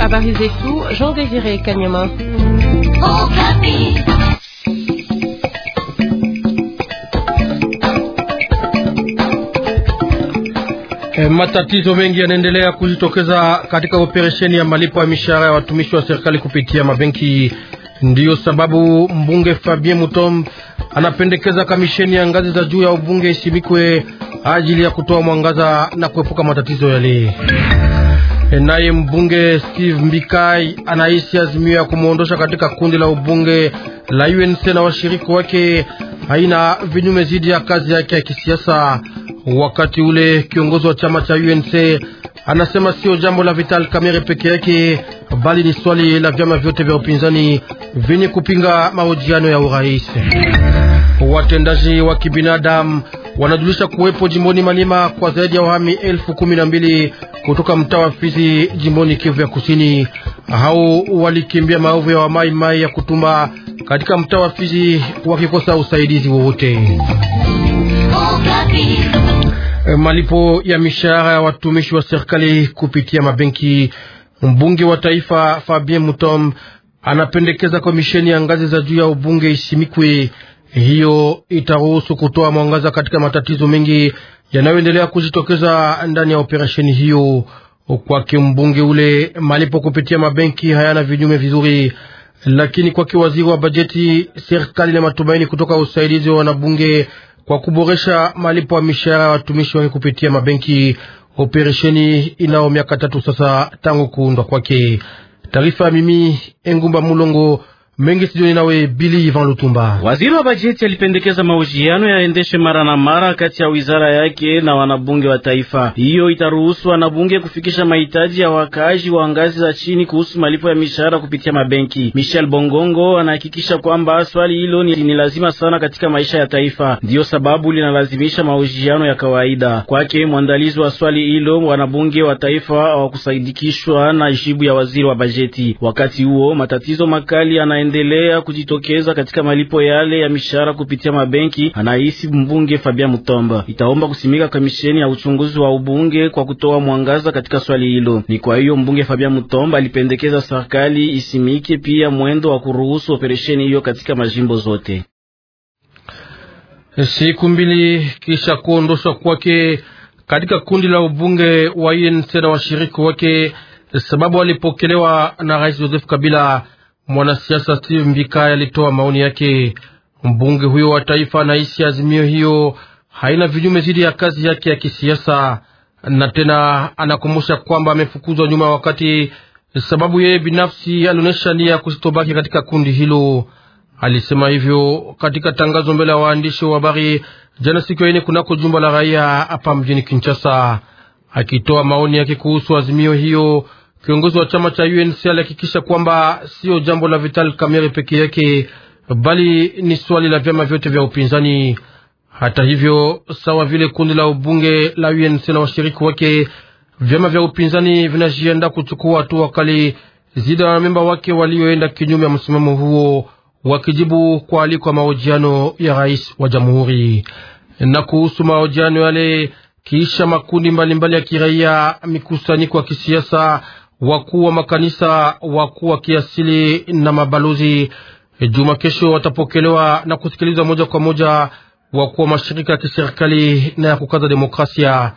Habari zetu Jean Désiré Kanyama. Eh, matatizo mengi yanaendelea kujitokeza katika operesheni ya malipo ya mishahara ya watumishi wa serikali kupitia mabenki. Ndiyo sababu mbunge Fabien Mutom anapendekeza kamisheni ya ngazi za juu ya ubunge isimikwe ajili ya kutoa mwangaza na kuepuka matatizo yale. Naye mbunge Steve Mbikai anaishi azimio ya kumwondosha katika kundi la ubunge la UNC na washiriki wake haina vinyume zidi ya kazi yake ya kisiasa. Wakati ule kiongozi wa chama cha UNC anasema sio jambo la Vital Kamerhe peke yake, bali ni swali la vyama vyote vya upinzani vyenye kupinga mahojiano ya urais. Watendaji wa kibinadamu wanajulisha kuwepo jimboni Malima kwa zaidi ya wahami elfu kumi na mbili kutoka mtaa wa Fizi jimboni Kivu ya Kusini. Hao walikimbia maovu ya wamaimai ya kutumba katika mtaa wa Fizi wakikosa usaidizi wowote. Eh, malipo ya mishahara ya watumishi wa serikali kupitia mabenki. Mbunge wa taifa Fabien Mutom anapendekeza komisheni ya ngazi za juu ya ubunge isimikwe. Hiyo itaruhusu kutoa mwangaza katika matatizo mengi yanayoendelea kujitokeza ndani ya operesheni hiyo. Kwake mbunge ule, malipo kupitia mabenki hayana vinyume vizuri, lakini kwake waziri wa bajeti, serikali na matumaini kutoka usaidizi wa wanabunge kwa kuboresha malipo ya mishahara ya watumishi wake kupitia mabenki, operesheni inao miaka tatu sasa tangu kuundwa kwake. Taarifa mimi Engumba Mulongo mengi studioni nawe Bili Ivan Lutumba. Waziri wa bajeti alipendekeza mahojiano yaendeshe mara na mara kati ya wizara yake na wanabunge wa taifa. Hiyo itaruhusu wanabunge kufikisha mahitaji ya wakaaji wa ngazi za chini kuhusu malipo ya mishahara kupitia mabenki. Michel Bongongo anahakikisha kwamba swali hilo ni, ni lazima sana katika maisha ya taifa, ndiyo sababu linalazimisha mahojiano ya kawaida. Kwake mwandalizi wa swali hilo, wanabunge wa taifa hawakusaidikishwa na jibu ya waziri wa bajeti. Wakati huo matatizo makali ana kuendelea kujitokeza katika malipo yale ya mishahara kupitia mabenki, anahisi mbunge fabia Mutomba. Itaomba kusimika kamisheni ya uchunguzi wa ubunge kwa kutoa mwangaza katika swali hilo. Ni kwa hiyo mbunge fabia Mutomba alipendekeza serikali isimike pia mwendo wa kuruhusu operesheni hiyo katika majimbo zote. Siku mbili kisha kuondoshwa kwake katika kundi la ubunge wa UNC na washiriki wake, sababu alipokelewa na Rais Joseph Kabila mwanasiasa Steve Mbika alitoa maoni yake. Mbunge huyo wa taifa anahisi azimio hiyo haina vinyume zidi ya kazi yake ya kisiasa, na tena anakumbusha kwamba amefukuzwa nyuma wakati sababu yeye binafsi alionyesha nia kusitobaki katika kundi hilo. Alisema hivyo katika tangazo mbele ya waandishi wa habari jana siku ya ine kunako jumba la raia hapa mjini Kinshasa, akitoa maoni yake kuhusu azimio hiyo. Kiongozi wa chama cha UNC alihakikisha kwamba sio jambo la Vital Kamerhe peke yake, bali ni swali la vyama vyote vya upinzani. Hata hivyo, sawa vile kundi la ubunge la UNC na washiriki wake, vyama vya upinzani vinajiandaa kuchukua hatua kali zidi ya wanamemba wake walioenda kinyume ya msimamo huo, wakijibu kwa aliko ya mahojiano ya rais wa jamhuri. Na kuhusu mahojiano yale, kiisha makundi mbalimbali mbali ya kiraia, mikusanyiko ya kisiasa wakuu wa makanisa, wakuu wa kiasili na mabalozi juma kesho watapokelewa na kusikilizwa moja kwa moja wakuu wa mashirika ya kiserikali na ya kukaza demokrasia.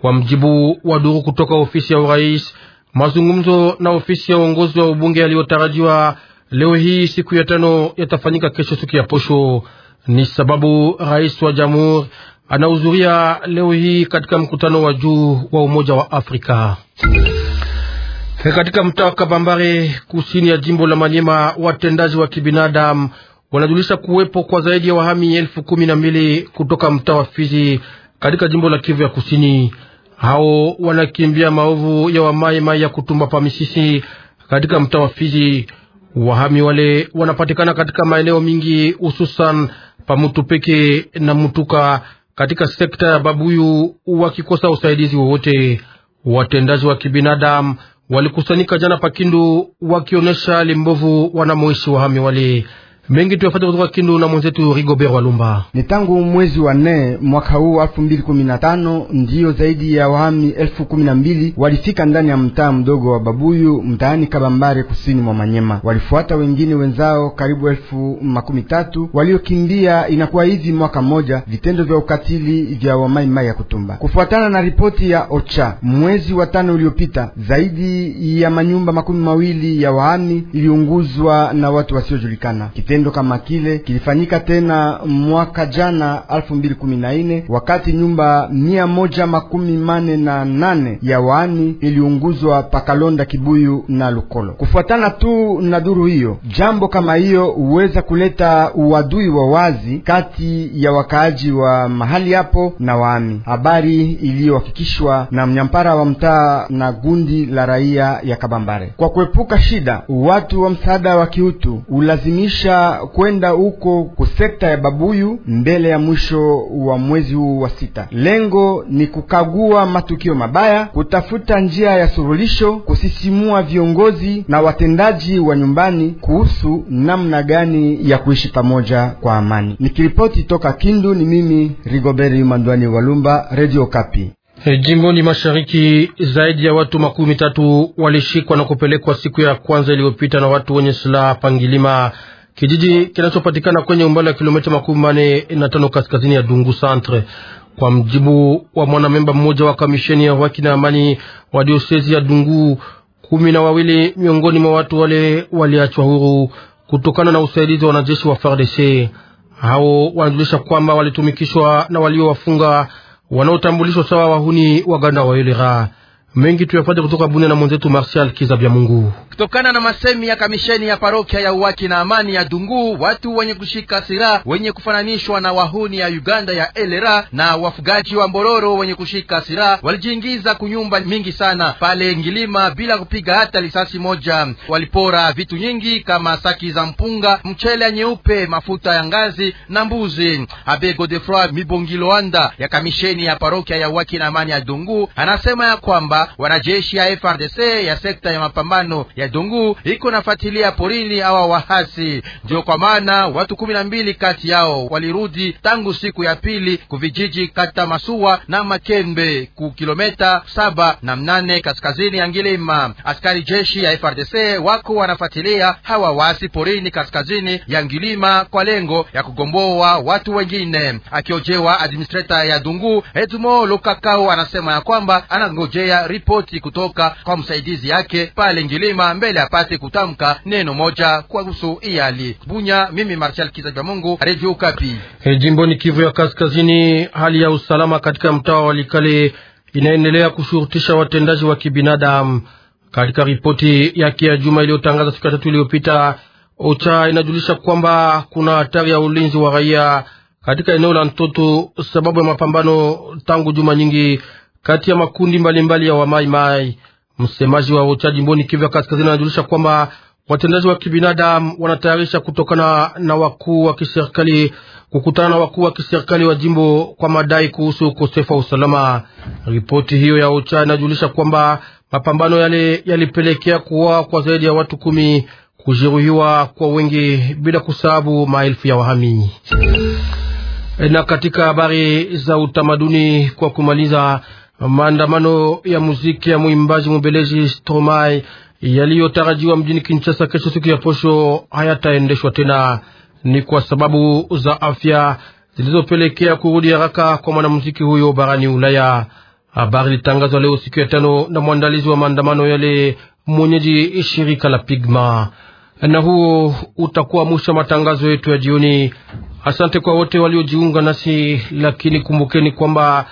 Kwa mjibu wa duru kutoka ofisi ya urais, mazungumzo na ofisi ya uongozi wa ubunge yaliyotarajiwa leo hii siku ya tano yatafanyika kesho siku ya posho. Ni sababu rais wa jamhuri anahudhuria leo hii katika mkutano wa juu wa Umoja wa Afrika. Eh, katika mtaa wa Kabambare kusini ya jimbo la Manyema, watendaji wa kibinadamu wanajulisha kuwepo kwa zaidi ya wahami elfu kumi na mbili kutoka mtaa wa Fizi katika jimbo la Kivu ya Kusini. Hao wanakimbia maovu ya wamai mai ya kutumba pamisisi katika mtaa wa Fizi. Wahami wale wanapatikana katika maeneo mingi, hususan Mutupeke na Mutuka katika sekta ya Babuyu, wakikosa usaidizi wowote. Watendaji wa kibinadamu walikusanyika jana Pakindu wakionyesha hali mbovu wanamoishi wahami wale. Mengi tuyafata kutoka Kindu na mwenzetu Rigobert Walumba. Ni tangu mwezi wa nne mwaka huu elfu mbili kumi na tano ndiyo zaidi ya wahami elfu kumi na mbili walifika ndani ya mtaa mdogo wa Babuyu mtaani Kabambare kusini mwa Manyema. Walifuata wengine wenzao karibu elfu makumi tatu waliokimbia. Inakuwa hivi mwaka mmoja vitendo vya ukatili vya wamaimai ya kutumba. Kufuatana na ripoti ya OCHA mwezi wa tano uliopita, zaidi ya manyumba makumi mawili ya wahami iliunguzwa na watu wasiojulikana Kite Kitendo kama kile kilifanyika tena mwaka jana 2014 wakati nyumba mia moja makumi mane na nane ya waani iliunguzwa pakalonda Kibuyu na Lukolo. Kufuatana tu na duru hiyo, jambo kama hiyo huweza kuleta uadui wa wazi kati ya wakaaji wa mahali hapo na waami, habari iliyohakikishwa na mnyampara wa mtaa na gundi la raia ya Kabambare. Kwa kuepuka shida, watu wa msaada wa kiutu ulazimisha kwenda huko kusekta ya Babuyu mbele ya mwisho wa mwezi huu wa sita. Lengo ni kukagua matukio mabaya, kutafuta njia ya surulisho, kusisimua viongozi na watendaji wa nyumbani kuhusu namna gani ya kuishi pamoja kwa amani. Nikiripoti toka Kindu, ni mimi Rigoberi Mandwani Walumba, Radio Kapi. E, jimboni mashariki zaidi ya watu makumi tatu walishikwa na kupelekwa siku ya kwanza iliyopita na watu wenye silaha pangilima kijiji kinachopatikana kwenye umbali wa kilomita makumi mane na tano kaskazini ya Dungu Centre. Kwa mjibu wa mwanamemba mmoja wa kamisheni ya haki na amani wa diosezi ya Dungu, kumi na wawili miongoni mwa watu wale waliachwa huru kutokana na usaidizi wa wanajeshi wa FARDC. Hao wanajulisha kwamba walitumikishwa na waliowafunga wanaotambulishwa sawa wahuni waganda wa elera Mengi tuyafate kutoka Bunia na mwenzetu kiza Kizabya Mungu. Kutokana na masemi ya kamisheni ya parokia ya uwaki na amani ya Dungu, watu wenye kushika silaha wenye kufananishwa na wahuni ya Uganda ya elera na wafugaji wa mbororo wenye kushika silaha walijiingiza kunyumba mingi sana pale Ngilima bila kupiga hata lisasi moja. Walipora vitu nyingi kama saki za mpunga, mchele ya nyeupe, mafuta ya ngazi na mbuzi. Abe Godefroi Mibongiloanda ya kamisheni ya parokia ya uwaki na amani ya Dungu anasema ya kwamba wanajeshi ya FRDC ya sekta ya mapambano ya Dungu iko nafuatilia porini awa wahasi. Ndio kwa maana watu kumi na mbili kati yao walirudi tangu siku ya pili kuvijiji kata Masuwa na Makembe ku kilometa saba na mnane kaskazini ya Ngilima. Askari jeshi ya FRDC wako wanafuatilia hawa waasi porini kaskazini ya Ngilima kwa lengo ya kugomboa watu wengine. Akiojewa administrator ya Dungu Edmo Lukakao anasema ya kwamba anangojea ripoti kutoka kwa msaidizi yake pale Ngilima mbele apate kutamka neno moja kwa kuhusu iali Bunya. Mimi Marshal Kizabia Mungu, Radio Kapi. Hey, ni Kivu ya Kaskazini, hali ya usalama katika mtaa wa Likale inaendelea kushurutisha watendaji wa kibinadamu. Katika ripoti yake ya juma iliyotangaza siku ya tatu iliyopita, OCHA inajulisha kwamba kuna hatari ya ulinzi wa raia katika eneo la Ntoto sababu ya mapambano tangu juma nyingi kati ya makundi mbalimbali mbali ya wamaimai. Msemaji wa OCHA jimboni Kivu ya Kaskazini anajulisha kwamba watendaji wa kibinadamu wanatayarisha kutokana na wakuu wa kiserikali kukutana na wakuu wa kiserikali wa jimbo kwa madai kuhusu ukosefu wa usalama. Ripoti hiyo ya OCHA inajulisha kwamba mapambano yale yalipelekea kuwa kwa zaidi ya watu kumi, kujeruhiwa kwa wengi, bila kusababu maelfu ya wahami. Na katika habari za utamaduni, kwa kumaliza Maandamano ya muziki ya mwimbaji Mubeleji Stromae yaliyotarajiwa mjini Kinshasa kesho siku ya posho hayataendeshwa tena, ni kwa sababu za afya zilizopelekea kurudi haraka kwa mwanamuziki huyo barani Ulaya. Habari ilitangazwa leo siku ya tano na mwandalizi wa maandamano yale, mwenyeji shirika la Pigma. Na huo utakuwa mwisho wa matangazo yetu ya jioni. Asante kwa wote waliojiunga nasi, lakini kumbukeni kwamba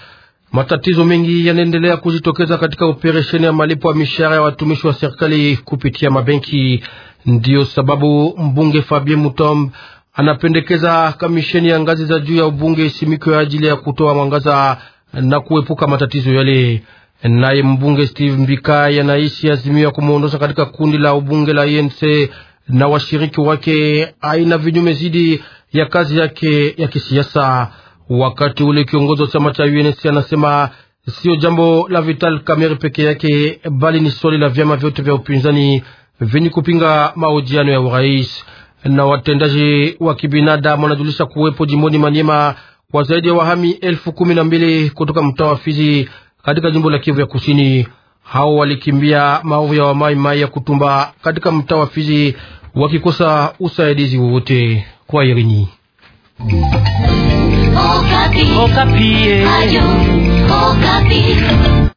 Matatizo mengi yanaendelea kujitokeza katika operesheni ya malipo ya mishahara ya watumishi wa serikali kupitia mabenki. Ndiyo sababu mbunge Fabien Mutomb anapendekeza kamisheni ya ngazi za juu ya ubunge isimikwe ya ajili ya kutoa mwangaza na kuepuka matatizo yale. Naye mbunge Steve Mbika anaishi azimio ya kumwondosha katika kundi la ubunge la INC na washiriki wake aina vinyume zidi ya kazi yake ya kisiasa. Wakati ule kiongozi wa chama cha UNC anasema sio jambo la Vital Kamerhe peke yake, bali ni swali la vyama vyote vya upinzani vyenye kupinga mahojiano ya urais na watendaji wa kibinadamu. Wanajulisha kuwepo jimboni Manyema kwa zaidi ya wahami elfu kumi na mbili kutoka mtaa wa Fizi katika jimbo la Kivu ya Kusini. Hao walikimbia maovu ya wamai mai ya Kutumba katika mtaa wa Fizi wakikosa usaidizi wowote kwa Irini. Okapi. Oh, Okapi. Oh,